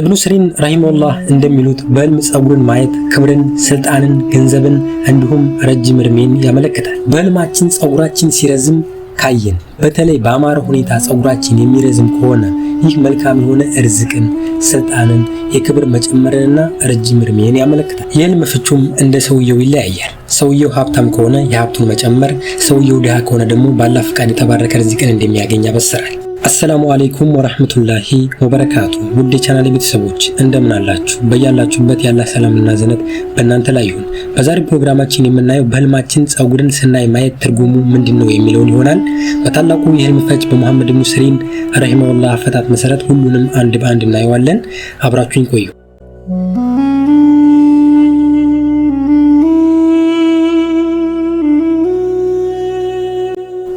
እብኑ ስሪን ራሂመሁላህ እንደሚሉት በህልም ፀጉርን ማየት ክብርን፣ ስልጣንን፣ ገንዘብን እንዲሁም ረጅም እድሜን ያመለክታል። በህልማችን ፀጉራችን ሲረዝም ካየን በተለይ በአማረ ሁኔታ ፀጉራችን የሚረዝም ከሆነ ይህ መልካም የሆነ እርዝቅን፣ ስልጣንን፣ የክብር መጨመርንና ረጅም እድሜን ያመለክታል። የህልም ፍቹም እንደ ሰውየው ይለያያል። ሰውየው ሀብታም ከሆነ የሀብቱን መጨመር፣ ሰውየው ድሃ ከሆነ ደግሞ ባላ ፈቃድ የተባረከ ርዝቅን እንደሚያገኝ ያበስራል። አሰላሙ አሌይኩም ወረህመቱላሂ ወበረካቱ ውድ የቻናል ቤተሰቦች እንደምን አላችሁ? በያላችሁበት ያለ ሰላምና ዝነት በእናንተ ላይ ይሁን። በዛሬ ፕሮግራማችን የምናየው በህልማችን ጸጉርን ስናይ ማየት ትርጉሙ ምንድን ነው የሚለውን ይሆናል። በታላቁ የህልም ፈች በመሐመድ ብኑ ሲሪን ረሂመሁላህ አፈታት መሰረት ሁሉንም አንድ በአንድ እናየዋለን። አብራችሁኝ ቆዩ።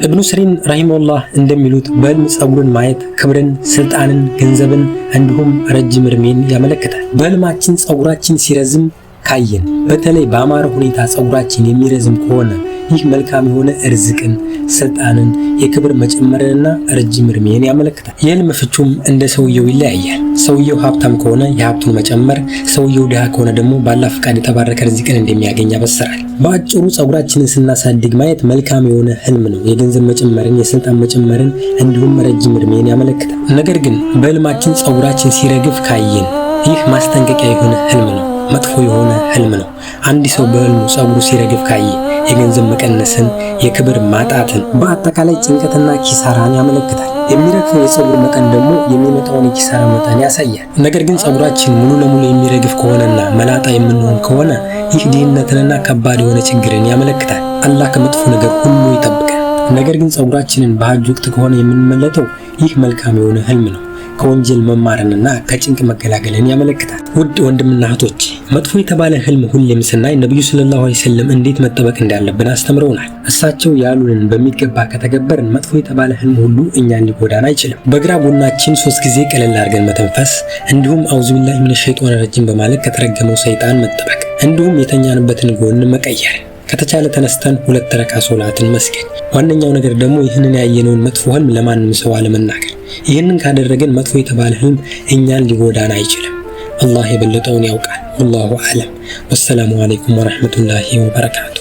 እብኑ ስሪን ረሂመሁላህ እንደሚሉት በህልም ፀጉርን ማየት ክብርን፣ ስልጣንን፣ ገንዘብን እንዲሁም ረጅም እድሜን ያመለክታል። በህልማችን ፀጉራችን ሲረዝም ካየን፣ በተለይ በአማረ ሁኔታ ፀጉራችን የሚረዝም ከሆነ ይህ መልካም የሆነ እርዝቅን፣ ስልጣንን፣ የክብር መጨመርንና ረጅም እድሜን ያመለክታል። የህልም ፍቹም እንደ ሰውየው ይለያያል። ሰውየው ሀብታም ከሆነ የሀብቱን መጨመር፣ ሰውየው ድሃ ከሆነ ደግሞ ባላ ፈቃድ የተባረከ ርዝቅን እንደሚያገኝ ያበስራል። በአጭሩ ጸጉራችንን ስናሳድግ ማየት መልካም የሆነ ህልም ነው። የገንዘብ መጨመርን፣ የስልጣን መጨመርን እንዲሁም ረጅም እድሜን ያመለክታል። ነገር ግን በህልማችን ጸጉራችን ሲረግፍ ካየን ይህ ማስጠንቀቂያ የሆነ ህልም ነው። መጥፎ የሆነ ህልም ነው። አንድ ሰው በህልሙ ጸጉሩ ሲረግፍ ካየ የገንዘብ መቀነስን፣ የክብር ማጣትን፣ በአጠቃላይ ጭንቀትና ኪሳራን ያመለክታል። የሚረግፈው የጸጉር መጠን ደግሞ የሚመጣውን የኪሳራ መጠን ያሳያል። ነገር ግን ጸጉራችን ሙሉ ለሙሉ የሚረግፍ ከሆነና መላጣ የምንሆን ከሆነ ይህ ድህነትንና ከባድ የሆነ ችግርን ያመለክታል። አላህ ከመጥፎ ነገር ሁሉ ይጠብቃል። ነገር ግን ጸጉራችንን በሀጅ ወቅት ከሆነ የምንመለጠው ይህ መልካም የሆነ ህልም ነው። ከወንጀል መማርንና ከጭንቅ መገላገልን ያመለክታል። ውድ ወንድምና እህቶች፣ መጥፎ የተባለ ህልም ሁሌም ስናይ ነቢዩ ሰለላሁ ዐለይሂ ወሰለም እንዴት መጠበቅ እንዳለብን አስተምረውናል። እሳቸው ያሉንን በሚገባ ከተገበርን መጥፎ የተባለ ህልም ሁሉ እኛን ሊጎዳን አይችልም። በግራ ቡናችን ሶስት ጊዜ ቀለል አድርገን መተንፈስ፣ እንዲሁም አውዙ ቢላሂ ሚነ ሸይጧን ረጅም በማለት ከተረገመው ሰይጣን መጠበቅ፣ እንዲሁም የተኛንበትን ጎን መቀየር ከተቻለ ተነስተን ሁለት ረካ ሶላትን መስገድ። ዋነኛው ነገር ደግሞ ይህንን ያየነውን መጥፎ ህልም ለማንም ሰው አለመናገር። ይህንን ካደረገን መጥፎ የተባለ ህልም እኛን ሊጎዳን አይችልም። አላህ የበለጠውን ያውቃል። ወላሁ አለም። ወሰላሙ አለይኩም ወረሕመቱላሂ ወበረካቱ።